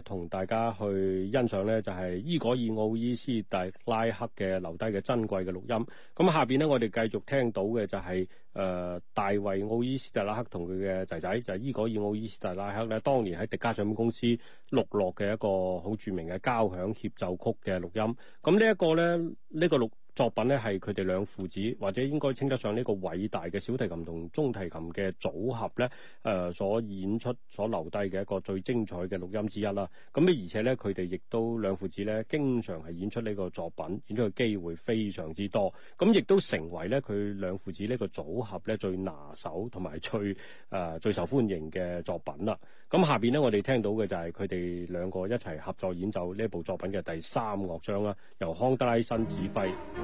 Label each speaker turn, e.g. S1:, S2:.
S1: 同大家去欣賞咧，就係伊果爾奧伊斯特拉克嘅留低嘅珍貴嘅錄音。咁下邊咧，我哋繼續聽到嘅就係誒、呃，大衛奧伊斯特拉克同佢嘅仔仔就係伊果爾奧伊斯特拉克咧，當年喺迪加唱片公司錄落嘅一個好著名嘅交響協奏曲嘅錄音。咁呢一個咧，呢個錄。作品咧係佢哋兩父子，或者應該稱得上呢個偉大嘅小提琴同中提琴嘅組合咧，誒、呃、所演出、所留低嘅一個最精彩嘅錄音之一啦。咁、啊、而且咧佢哋亦都兩父子咧，經常係演出呢個作品，演出嘅機會非常之多。咁、啊、亦都成為咧佢兩父子呢個組合咧最拿手同埋最誒、呃、最受歡迎嘅作品啦。咁、啊啊、下邊咧我哋聽到嘅就係佢哋兩個一齊合作演奏呢部作品嘅第三樂章啦，由康德拉辛指揮。